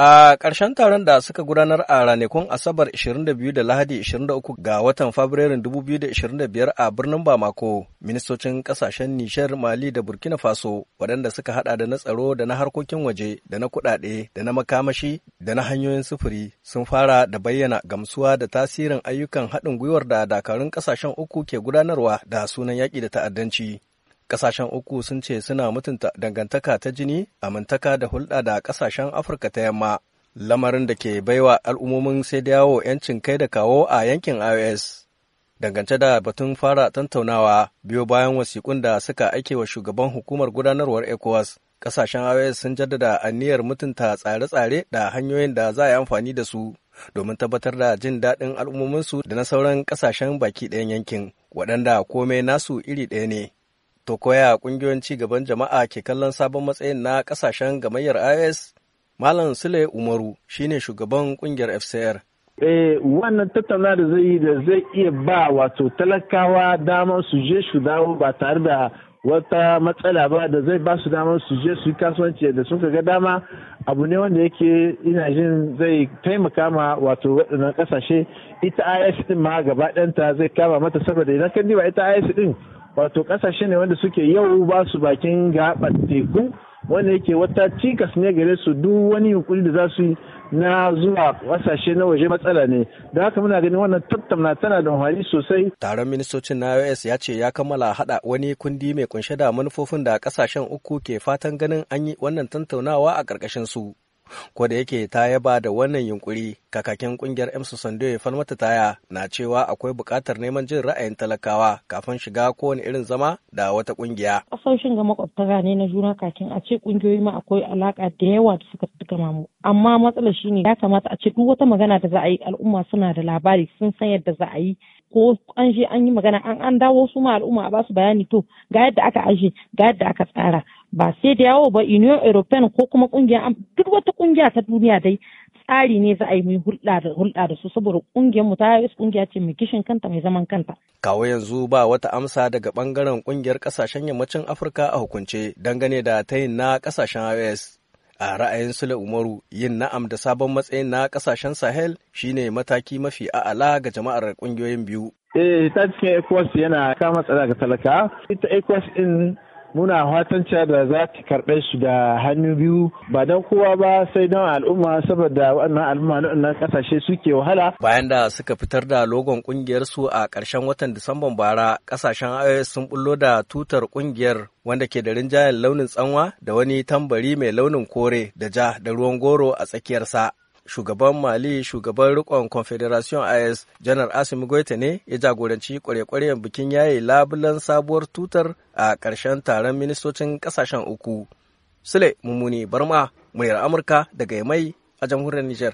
A ƙarshen taron da suka gudanar a ranakun Asabar 22 da Lahadi 23 ga watan Fabrairun 2025 a birnin Bamako, ministocin ƙasashen Nishar Mali da Burkina Faso, waɗanda suka haɗa da na tsaro da na harkokin waje da na kuɗaɗe da na makamashi da na hanyoyin sufuri sun fara da bayyana gamsuwa da tasirin ayyukan haɗin gwiwar da dakarun ƙasashen uku ke gudanarwa da sunan yaƙi da ta'addanci. Ƙasashen uku sun ce suna mutunta dangantaka ta jini, amintaka da hulɗa da ƙasashen Afirka ta yamma, lamarin da ke baiwa al'ummomin sai da yawo 'yancin kai da kawo a yankin IOS. Dangance da batun fara tantaunawa biyo bayan wasiƙun da suka aike wa shugaban hukumar gudanarwar ECOWAS, ƙasashen IOS sun jaddada aniyar mutunta tsare-tsare da hanyoyin da za a yi amfani da su. domin tabbatar da jin daɗin su da na sauran ƙasashen baki ɗayan yankin waɗanda komai nasu iri ɗaya ne To koya kungiyoyin ci gaban jama'a ke kallon sabon matsayin na kasashen gamayyar IS? Malam Sule Umaru shine shugaban kungiyar FCR. Eh, wannan tattauna da zai yi da zai iya ba wato talakawa damar su je su dawo ba tare da wata matsala ba da zai ba su damar su je su kasuwanci da suka ga dama abu ne wanda yake ina jin zai taimaka ma wato waɗannan ƙasashe ita is din ma gaba ɗanta zai kama mata saboda idan kan ba ita is din wato kasashe ne wanda suke yau ba su bakin gaɓar teku wanda yake wata cikas ne gare su duk wani yunkuri da za su yi na zuwa wasashe na waje matsala ne da haka muna ganin wannan tattauna tana da hali sosai taron ministocin na US ya ce ya kammala hada wani kundi mai kunshe da manufofin da kasashen uku ke fatan ganin an yi wannan tattaunawa a karkashin su ko da yake ta yaba da wannan yunkuri kakakin kungiyar emsu sando ya falmata taya na cewa akwai buƙatar neman jin ra'ayin talakawa kafin shiga kowane irin zama da wata kungiya kasashen ga makwabta ne na juna kakin a ce kungiyoyi ma akwai alaka da yawa da suka gama mu amma matsalar shine ya kamata a ce duk wata magana da za a yi al'umma suna da labari sun san yadda za a yi ko an je an yi magana an an dawo su ma al'umma a basu bayani to ga yadda aka aje ga yadda aka tsara ba sai da yawo ba union european ko kuma kungiyar kungiya duk wata kungiya ta duniya dai tsari ne za a yi mai hulɗa da hulɗa da su saboda kungiyar mu ta yi kungiya ce mai kishin kanta mai zaman kanta kawo yanzu ba wata amsa daga bangaren kungiyar kasashen yammacin afirka a hukunce dangane da tayin na kasashen ios A ra'ayin Sule Umaru, yin na'am da sabon matsayin na kasashen Sahel shine mataki mafi a'ala ga jama'ar ƙungiyoyin biyu. Eh, ta cikin ECOWAS yana kama tsada ga talaka. Ita ECOWAS din muna fatan cewa da za ta karɓe su da hannu biyu ba don kowa ba sai don al'umma saboda wannan al'umma na wannan ƙasashe suke wahala. Bayan da suka fitar da logon ƙungiyarsu su a ƙarshen watan Disamban bara ƙasashen IOS sun bullo da tutar ƙungiyar wanda ke da rinjayen launin tsanwa da wani tambari mai launin kore da ja da ruwan goro a tsakiyarsa. shugaban mali shugaban rikon confederation is janar asim goita ne ya jagoranci kware bikin yaye labulan sabuwar tutar a ƙarshen taron ministocin ƙasashen uku sule mummuni barma muryar amurka daga mai a jamhuriyar niger